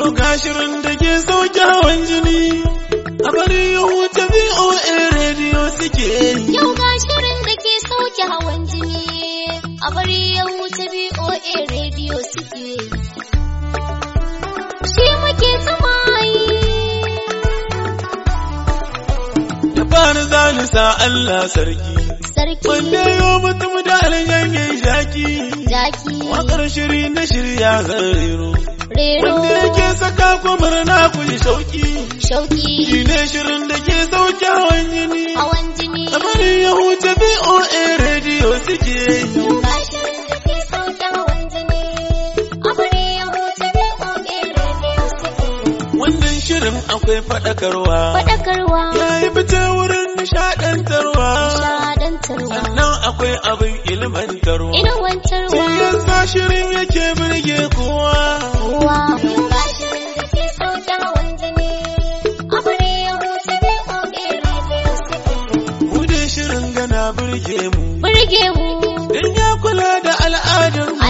Yau gashirin da ke sauke hawan jini, a bari ya huta VOA rediyo suke Yau gashirin da ke sauke hawan jini, a bari ya huta VOA rediyo suke Shi muke yi Da bani zani sa Allah sarki. wanne Wanda yau mutum da aljan yayi jaki. Jaki. Wakar shiri na shirya zan rero. rero wanda yake saka ku murna ku yi shauki shauki shine shirin da ke sauke hawan jini jini amari ya huce BOA radio suke Wannan shirin akwai faɗakarwa. Faɗakarwa. akwai abin ilmantarwa. Ilmantarwa. Cikin tashirin yake birge kowa. Kowa. burge mu. Din ya kula da al'adar mu.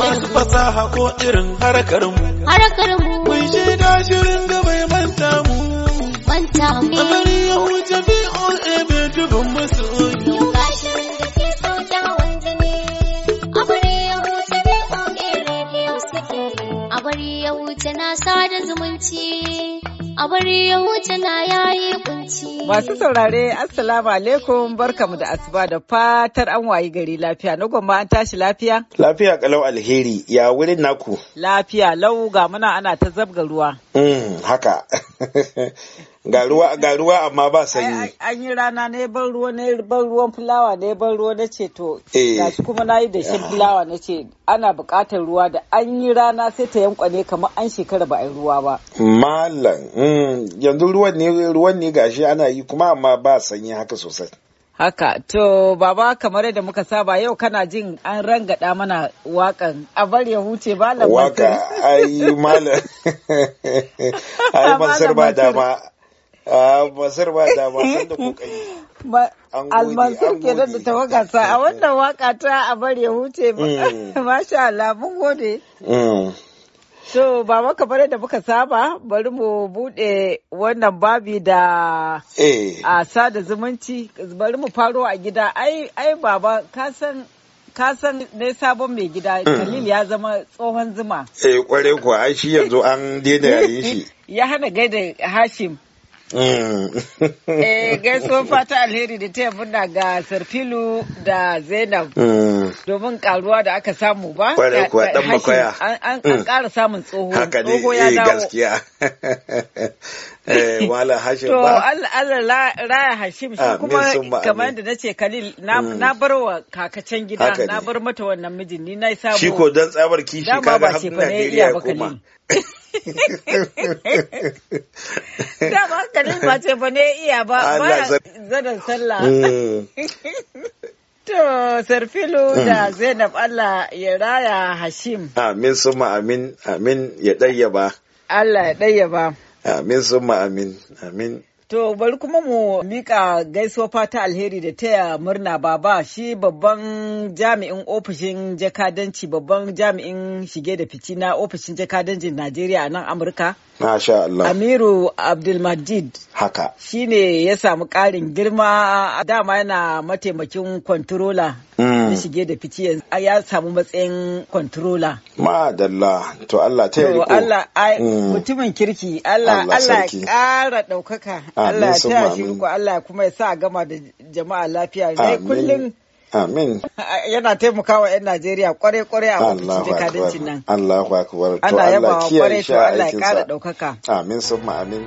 Masu fasaha ko irin harkar mu. Harkar mu. Mun shaida shirin gaba manta mu. Manta mu. Masu saurare assalamu alaikum barkamu da asuba da fatar an wayi gari lafiya na gwamma an tashi lafiya. Lafiya kalau alheri ya wurin naku. Lafiya lau ga muna ana ta zabga ruwa. Mm, haka. ga ruwa amma ba sanyi an yi rana ne ban ruwa ne ban ruwan fulawa ne ban ruwa na ce to eh. gashi kuma na yi dashen ah. fulawa na ce ana buƙatar ruwa da an yi rana sai ta ne kamar an shekara ba a yi ruwa ba malam mm, yanzu ruwan ne ruwan ne gashi ana yi kuma amma ba sanyi haka sosai Haka, to baba kamar yadda muka saba yau kana jin an rangada mana wakan a bar ya huce malam Waka, ai malam, ai mansar ba dama. Masar ah, ba da wasan da kokari. Almansur ke da ta sa a wannan waka ta a bar ya huce mm. masha Allah mun gode. Mm. So ba maka bare da muka saba bari mu bude wannan babi da eh. a sada zumunci bari mu faro a gida ai baba kasan ka san ne sabon mai gida mm. Khalil ya zama tsohon zuma. Eh kware kuwa ai shi yanzu an daina yayin shi. Ya hana gaida Hashim. Mm. Eh gaisuwar fata alheri da taya muna ga Sarfilu da Zainab mm. domin karuwa da aka samu ba. Kwarai dan makwaya. An mm. ƙara samun tsoho. Haka ne eh, gaskiya. Eh wala Hashim ba. To Allah raya Hashim shi kuma kamar da nace Khalil na bar wa kakacen gida na bar mata wannan mijin ni na sabo. Shi ko dan tsabar kishi kaga har Najeriya kuma. Da ba hankalin ce ba ne iya ba ba zanen sallah. Mm. To, Sarfilu da mm. Zainab Allah ya raya Hashim. Amin suma amin, amin ya ɗayyaba. Allah ya ɗayyaba. Amin suma amin, amin. To bari kuma mu mika gaisuwa fata alheri da taya murna baba shi babban jami'in ofishin jakadanci babban jami'in shige da fici na ofishin jakadancin Najeriya a nan Amurka Masha Allah. Amiru Abdulmajid. Haka. Shi ne ya samu ƙarin girma dama yana mataimakin kwantarola. Mm. Ya shige da fice ya samu matsayin kwantarola. Ma'adalla to Allah ta riko. Allah mm. mutumin kirki Allah Allah ƙara ɗaukaka. Allah ta riko, Allah kuma ya sa gama da jama'a lafiya. Amin. Kullum Amin. Yana taimakawa 'yan Najeriya kwarai-kwarai a ofishin nan. Allahu akbar. Allah ya bawa kwarai to Allah ya kara ɗaukaka. Amin summa amin.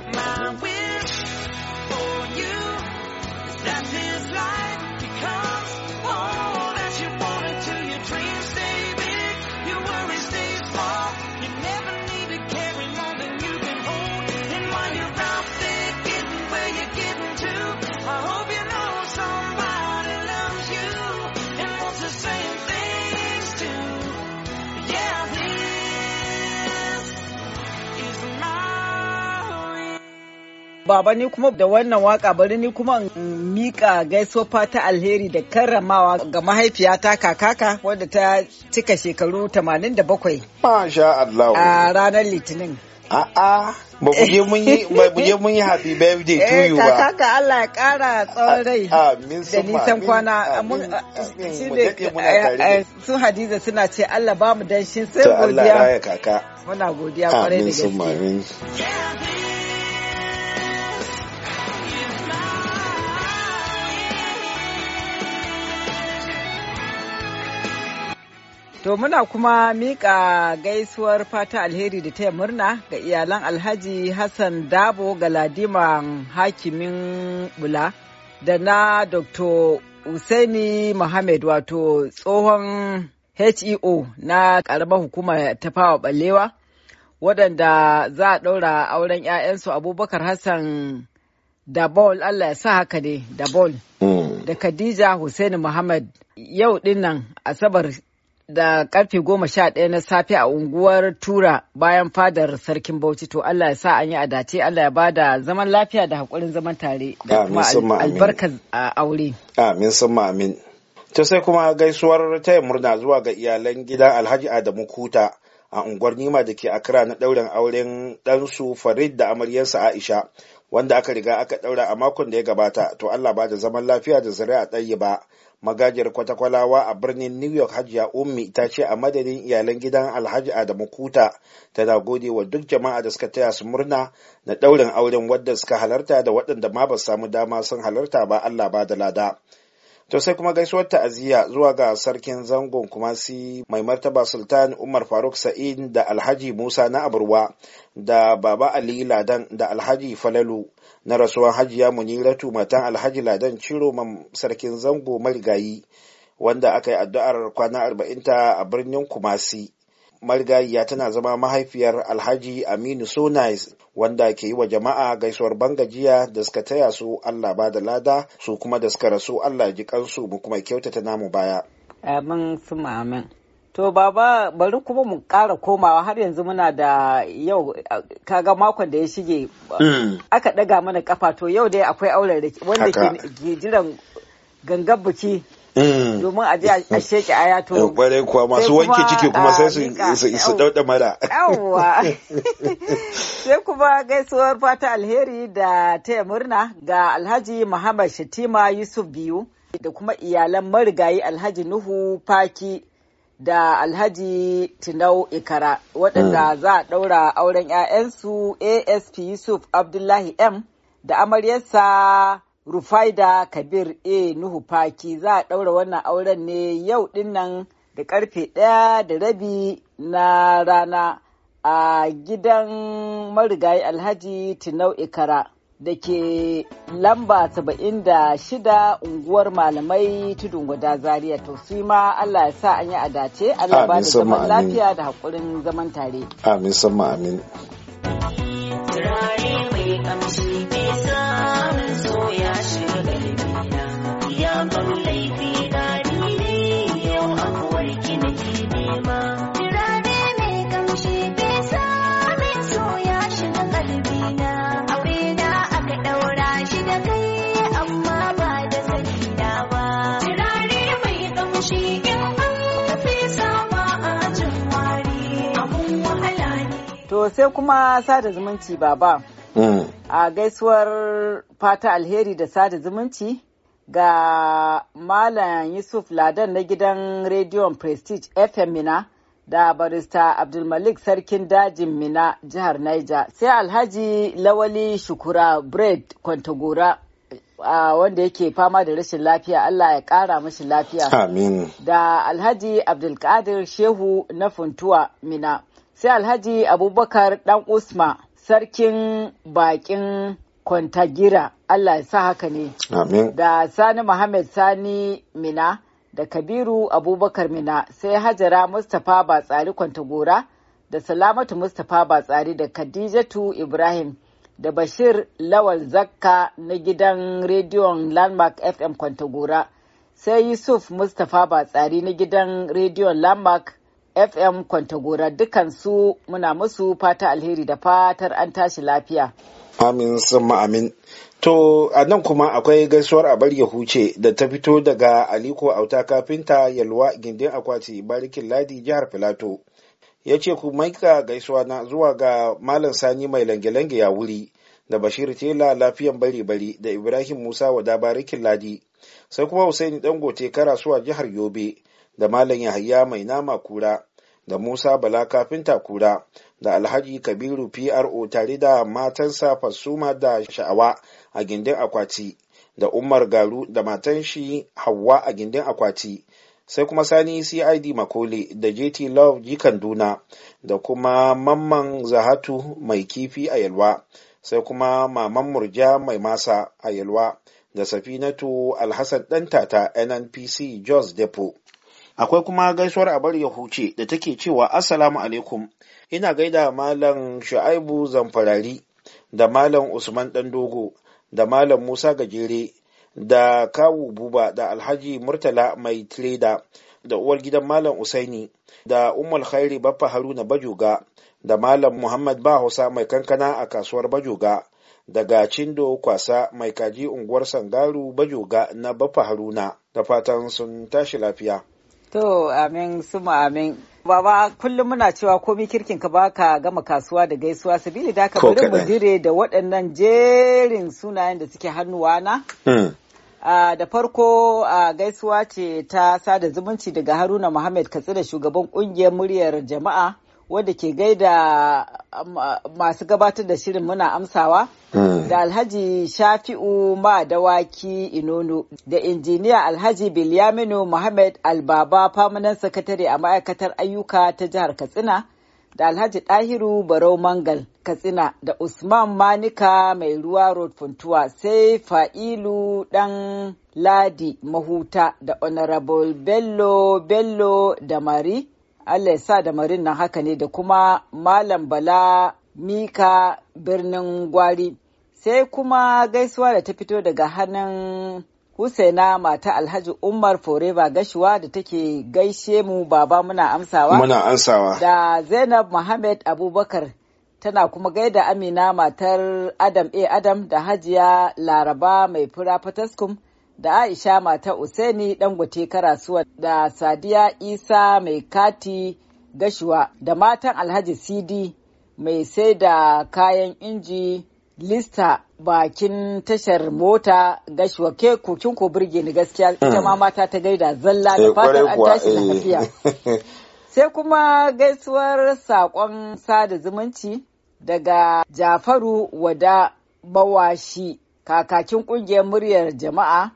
Baba ni kuma da wannan waka bari ni kuma in mika gaisofa ta alheri da karramawa ga mahaifiyata kakaka wadda ta cika shekaru 87. Masha Allah. A ranar Litinin. A'a ba ku je mun yi ba ku mun yi happy birthday to eh, you ba. kakaka Allah ya kara tsawon rai. Amin Da nisan kwana mun eh, eh, sun Hadiza suna ce Allah ba mu danshin sai godiya. Allah ya kaka. Muna godiya kwarai da gaske. Amin sun To muna kuma mika gaisuwar fata alheri da taya murna ga iyalan Alhaji Hassan Dabo Galadiman Hakimin Bula da na Dr. Usaini Mohammed wato tsohon HEO na ƙaramar hukuma ta fawa ɓallewa waɗanda za a ɗaura auren 'ya'yansu Abubakar Hassan Dabol Allah ya sa haka ne Dabol mm. da Khadija Hussaini Muhammad yau ɗinnan Asabar da karfe goma sha ɗaya na safe a unguwar Tura bayan fadar Sarkin Bauchi to Allah ya sa an yi adace Allah ya bada zaman lafiya da haƙurin zaman tare da kuma a aure. Amin sun amin. Ta sai kuma gaisuwar taya murna zuwa ga iyalan gidan Alhaji Adamu Kuta a unguwar Nima da ke kira na ɗaurin auren ɗansu Farid da amaryarsa Aisha wanda aka riga aka ɗaura a makon da ya gabata to Allah ba da zaman lafiya da zuri'a ɗayyiba ba magajiyar kwatakwalawa a birnin new york hajiya ummi ta ce a madadin iyalan gidan alhaji adamu kuta tana gode wa duk jama'a da suka taya su murna na daurin auren wadda suka halarta da waɗanda ma ba samu dama sun halarta ba allah ba da lada to sai kuma gaisuwar ta'aziyya zuwa ga sarkin zangon kumasi mai martaba sultan umar faruk sa'id da alhaji musa na aburwa da baba ali ladan da alhaji falalu na rasuwan hajiya muniratu matan alhaji ladan ciro sarkin zango marigayi wanda aka yi addu'ar kwana arba'in ta a birnin kumasi marigayiya tana zama mahaifiyar alhaji aminu sonais wanda ke yi wa jama'a gaisuwar bangajiya da suka taya su allah ba da lada su kuma da suka rasu allah ji kansu mu kuma kyautata namu baya abin su mamin To baba bari kuma mu ƙara komawa har yanzu muna da yau kaga makon da ya shige mm. aka ɗaga mana kafa to yau dai akwai auren wanda ke jiran gangan buki mm. domin a je a sheke aya to bare eh, kuwa masu wanke ciki kuma sai su dauɗa mara yawwa sai kuma gaisuwar fata alheri da taya murna ga alhaji muhammad shatima yusuf biyu da kuma iyalan marigayi alhaji nuhu faki da alhaji tinau ikara waɗanda mm. za a ɗaura auren 'ya'yansu asp yusuf abdullahi m da amaryarsa rufaida kabir a nuhu faki za a ɗaura wannan auren ne yau dinnan da karfe ɗaya da rabi na rana a gidan marigayi alhaji tinau ikara da ke lamba 76 unguwar malamai tudun guda zaria to su ma Allah ya sa an yi adace Allah ba da zaman lafiya da haƙurin zaman tare amin sama amin sai kuma sada zumunci baba. Mm. A gaisuwar fata alheri da sada zumunci ga Malam Yusuf Ladan na gidan rediyon Prestige FM Mina da barista Abdulmalik Sarkin Dajin Mina jihar Niger sai Alhaji Lawali Shukura Bread Kwantagora wanda yake fama da rashin lafiya Allah ya kara mashi lafiya. Da Alhaji Abdulkadir Shehu na Funtuwa Mina. sai alhaji abubakar dan usma sarkin bakin kwantagira allah ya sa haka ne da sani muhammad sani mina da kabiru abubakar mina sai hajara mustapha batsari kwantagora da salamatu mustapha batsari da khadijatu ibrahim da bashir lawal zakka na gidan rediyon landmark fm kwantagora sai yusuf mustapha batsari na gidan rediyon landmark FM Kwantagora dukansu muna musu fata alheri da fatar an tashi lafiya. Amin sun amin. To a nan kuma akwai gaisuwar a bar huce da ta fito daga Aliko Auta kafinta Yalwa gindin akwati barikin ladi jihar Filato. Ya ce ku maika gaisuwa na zuwa ga Malam Sani mai lange-lange ya wuri da Bashir Tela lafiyan bari-bari da Ibrahim Musa wada barikin ladi. Sai kuma Hussaini Dangote karasuwa jihar Yobe da Malam Yahaya mai nama kura da Musa Bala kafinta kura da Alhaji Kabiru PRO tare da matansa Fasuma da Sha'awa a gindin akwati da Umar Garu da matan shi Hawwa a gindin akwati sai kuma Sani CID Makole da JT Love Jikan Duna da kuma Mamman Zahatu mai kifi a Yalwa sai kuma Maman Murja mai masa a Yalwa da Safinatu Alhassan Dantata NNPC Jos depot. Akwai kuma gaisuwar a bari ya huce da take cewa Assalamu alaikum, ina gaida Malam Shu'aibu Zamfarari da Malam Usman Ɗandogo da Malam Musa Gajere da Kawu Buba da Alhaji Murtala Mai Tireda da uwar gidan Malam Usaini da Umar Khairi Baffa Haruna Bajoga da Malam Muhammad Ba Hausa mai kankana a kasuwar Bajoga daga Cindo Kwasa mai kaji unguwar Sangaru Bajoga na Baffa Haruna da fatan sun tashi lafiya. To amin suma amin. Baba kullum muna cewa komi kirkin ka baka gama kasuwa da gaisuwa sabili da aka dire da waɗannan jerin sunayen da suke hannuwa na. Hmm. da farko gaisuwa ce ta sada zumunci daga Haruna Muhammad Katsina shugaban ƙungiyar muryar jama'a. wadda ke gaida masu gabatar da shirin muna amsawa hmm. da alhaji shafi'u ma dawaki inono da injiniya alhaji bilyaminu muhammad albaba famanan sakatare a ma'aikatar ayyuka ta jihar katsina da alhaji ɗahiru barau mangal katsina da usman manika mai ruwa road funtuwa sai fa'ilu ɗan ladi mahuta da honorable bello bello da mari Allah ya sa da marin nan haka ne da kuma Malam Bala Mika birnin Gwari. Sai kuma gaisuwa da ta fito daga hannun Husaina mata Alhaji Umar Foreba gashuwa da take gaishe mu baba muna amsawa. Muna amsawa. Da Zainab Muhammad Abubakar tana kuma gaida Amina matar Adam A. Adam da Hajiya Laraba mai fura Fataskum. da Aisha mata Useni Dangote Karasuwa da Sadiya Isa mai kati gashuwa da matan Alhaji Sidi mai sai da kayan inji lista bakin tashar mota gashuwa ke kokin ko birge ni gaskiya ita ma hmm. mata ta gaida zalla da eh, fatan an tashi eh. lafiya sai kuma gaisuwar saƙon sada zumunci daga Jafaru Wada Bawashi kakakin ƙungiyar muryar jama'a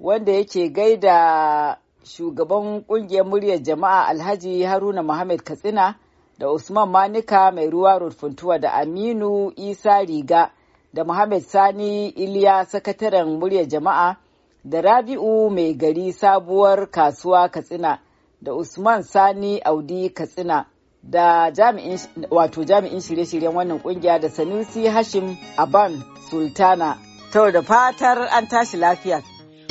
wanda yake gaida shugaban kungiyar muryar jama'a alhaji haruna muhammad katsina da usman manika mai ruwa rufuntuwa da aminu isa riga da muhammad sani iliya sakataren muryar jama'a da rabi'u mai gari sabuwar kasuwa katsina da usman sani audi katsina da jami'in wato jami'in shirye-shiryen wannan kungiya da sanusi hashim aban sultana tau da fatar an tashi lafiya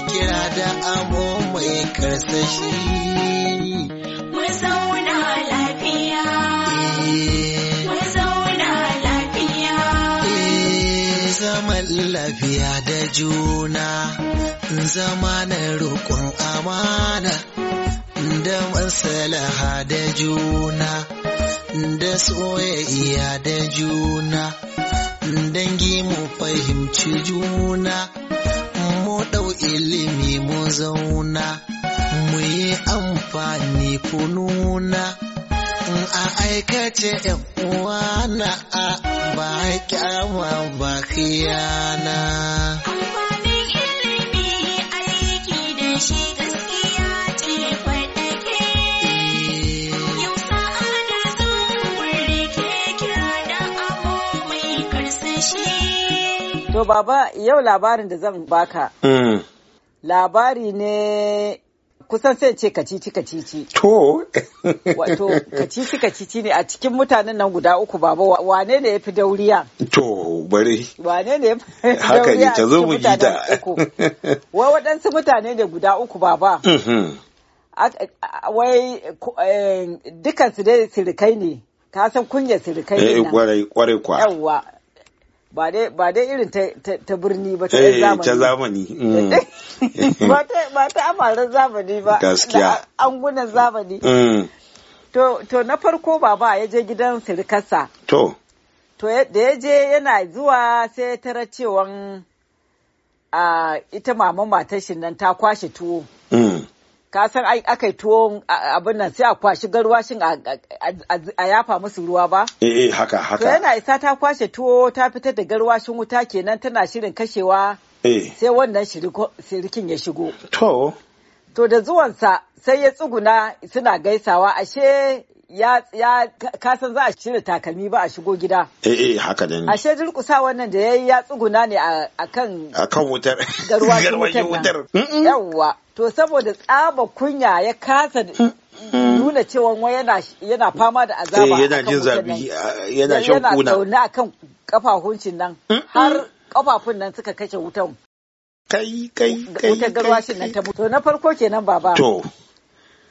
kira da amo mai karsashi. lafiya. Eh. lafiya. Eh, zaman lafiya da juna, zama na amana, da masalaha da juna, da soyayya da juna, dangi mu fahimci juna. ilimi mu zauna mu yi amfani ku nuna in a aikace na a ba kyama ba khiyana. Amfanin ilimi aiki da shi gaskiya ce faɗi. Eh. To baba yau labarin da zan baka. Hmm. labari ne kusan sai ce kacici kacici. To. Wato kacici kacici ne a cikin mutanen nan guda uku baba wane ne ya fi dauriya? To bari. Wane ne ya fi dauriya Haka ne ta zo mu ji ta. Wai waɗansu mutane ne guda uku baba. Mm-hmm. Wai eh, dukansu dai sirikai ne. Ka san kunya sirikai ne. Eh kwarai kwa. Yawwa. ba dai irin ta birni ba ta eh, zamani ta zamani mm. ba ta amaran zamani ba gaskiya angunan zamani mm. to na farko baba ya je gidan sirikarsa to to da ya je yana zuwa sai ya tara cewan ah, ita maman matar nan ta kwashe tuwo mm. ka san ai aka yi tuwo abin nan sai a kwashi garwashin a yafa musu ruwa ba eh, eh haka haka to yana isa ta kwashe tuwo ta fitar da garwashin wuta kenan tana shirin kashewa eh. sai wannan shirikin ya shigo to to da zuwansa sai ya tsuguna suna gaisawa ashe ya ya kasan za a cire takalmi ba a shigo gida. Eh eh haka da ne. Ashe durkusa wannan da yayi ya tsuguna ne a kan a kan wutar garwayin wutar. Yawwa to saboda tsaba kunya ya kasa nuna cewa wai yana fama da azaba. Eh, yana jin zabi yana shan kuna. Yana zaune akan kafahuncin nan har kafafun nan suka kashe wutan. Kai kai kai. Wutar garwashin nan ta mutu. To na farko kenan baba. To.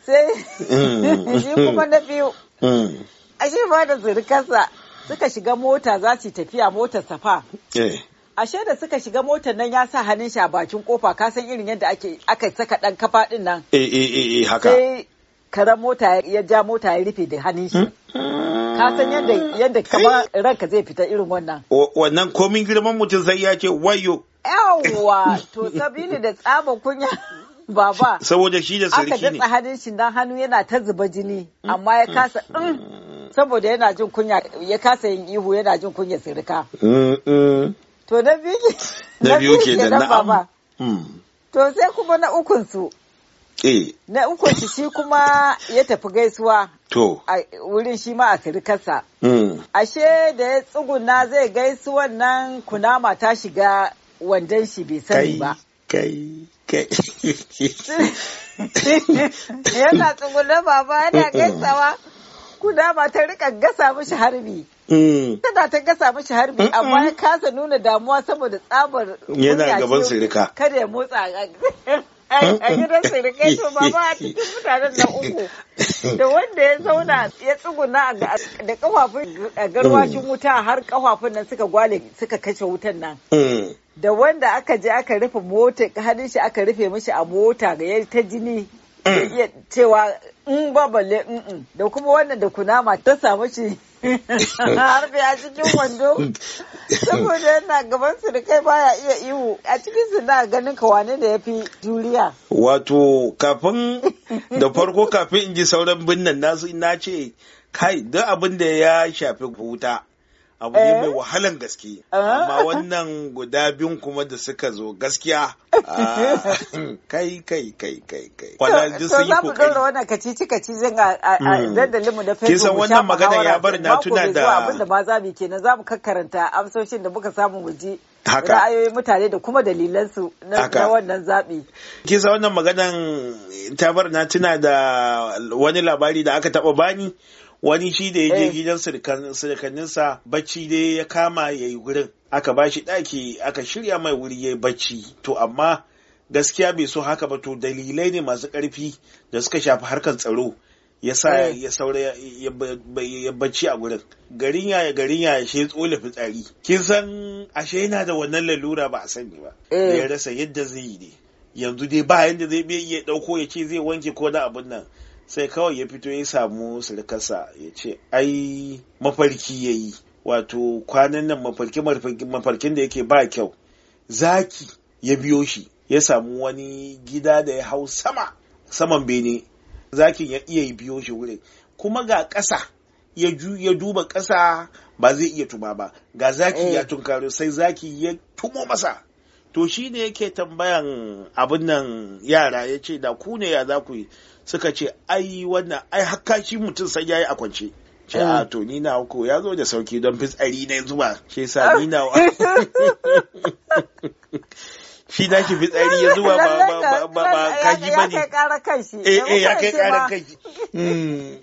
sai mm. shi kuma na biyu mm. ashe ba da zirkarsa suka shiga mota za su tafiya motar safa eh. A da suka shiga motar nan ya sa hannun shi a bakin kofa ka san irin yadda ake aka saka dan kafa din nan eh, eh eh eh haka sai karan mota ya ja mota ya rufe da hannun shi mm. ka san yadda yadda kamar ranka zai fita irin wannan wannan komin girman mutum sai ya ce wayo yawwa to sabili da tsaba kunya baba saboda shi da sarki ne aka jatsa hannun shi dan hannu yana ta zuba jini mm. amma ya kasa mm, saboda yana jin kunya ya kasa yin ihu yana jin kunya sirka mm, to na biyu na biyu ke da na'am to sai kuma na ukun su eh. na ukun shi shi kuma ya tafi gaisuwa to a wurin shi ma a sirkarsa ashe da ya tsuguna zai gaisuwan nan kunama ta shiga wandon shi bai sani ba kai yana tsuguna baba yana gaisawa ba ta rika gasa mishi harbi mm. tana ta gasa mishi harbi amma ya kasa nuna damuwa saboda tsabar yana gaban sirika kada ya motsa a gidan sirikai to baba a cikin mutanen na uku da wanda ya zauna ya tsuguna da kafafun garwashin mm. wuta har kafafun nan suka gwale suka kashe wutan nan mm. da wanda aka je aka rufe mota hannun shi aka rufe mishi a mota ga ya ta jini mm. iya cewa in mm, ba balle da kuma wannan da kunama ta samu shi harbe a cikin wando saboda yana gaban su da kai baya iya ihu a cikin su na ganin ka wane da ya fi juriya wato kafin da farko kafin in ji sauran binnan nasu na ce kai duk abin da ya shafi wuta abu ne mai eh? wahalan gaske eh? amma wannan guda biyun kuma da suka zo gaskiya ah, kai kai kai kai kai kwanaki sun yi kokari to za mu wannan kacici kaci zan a hmm. dandalin mu da Facebook kisan wannan magana ya bar na tuna da abin da ma za mu kenan za mu kakkaranta amsoshin da muka samu mu ji haka ra'ayoyin mutane da kuma dalilansu na wannan zaɓi. kisa wannan maganan bar na tuna da wani labari da aka taɓa bani wani shi da ya je eh. gidan sa, bacci dai ya kama ya yi wurin aka ba shi ɗaki aka shirya mai wuri ya yi bacci to amma gaskiya bai so haka ba to dalilai ne masu ƙarfi da suka shafi harkar tsaro ya sa eh. ya saura ya bacci a gurin garin ya garin ya shi tsola fitsari kin san ashe yana da wannan lalura ba a sani ba eh. ya rasa yadda zai yi ne yanzu dai ba yadda zai iya dauko ya ce zai wanke ko da abin nan sai kawai ya fito ya samu sulkarsa ya ce ai mafarki ya yi wato kwanan nan mafarkin da yake ba kyau zaki ya biyo shi ya samu wani gida da ya hau sama saman bene zakin ya iya yi biyo shi wurin kuma ga ƙasa ya duba ƙasa ba zai iya tuma ba ga zaki ya eh. tunkaro sai zaki ya tumo masa to shi ne yake tambayan abin nan yara ya ce da ku ne ya za ku yi suka ce ai wannan ai shi mutum sai yayi a kwance ce a ah, mm. to ni na ko ya zo da sauki don fitsari na zuba shi sa ah. ni na shi da shi fitsari ya zuwa ba ba ba ba ba kaji bane ya kai karar kanshi eh eh ya eh, kai karar kanshi mm.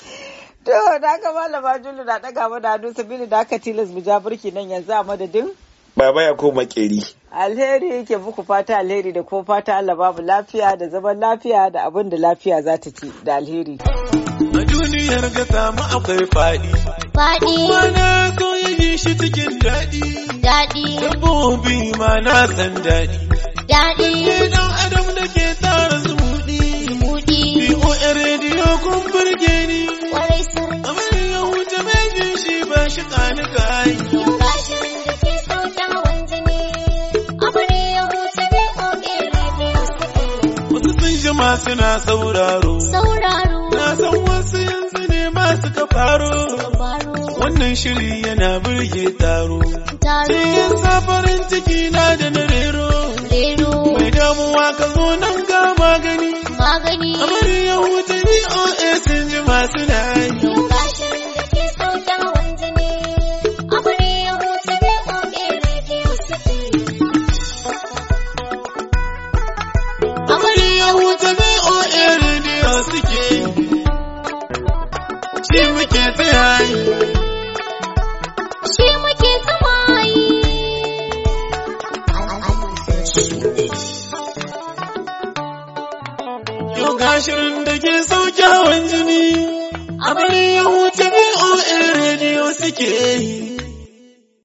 to da ka malama Julu na daga da hannu sabili da aka tilas mu ja burki nan yanzu a madadin Baba ya koma Keri. Alheri yake muku fata alheri da ko fata Allah babu lafiya da zaman lafiya da abin da lafiya za ta ci da alheri. A duniyar ga samu akwai fadi. Fadi. Mana ko yi shi cikin daɗi. Daɗi. Dabbobi ma na san daɗi. Daɗi. Ne don adam da ke tsara zumuɗi. Zumuɗi. BOA rediyo kun burge ni. Kwarai sarai. Amar ya huta mai shi ba shi ƙanika. ma suna sauraro. Sauraro. Na san wasu yanzu ne ma suka faro. Wannan shiri yana birge taro. Taro. Ce yasa ciki na da na rero. Rero. Mai damuwa ka zo nan ga magani. Magani. Amar yau ta ni ji masu na yi.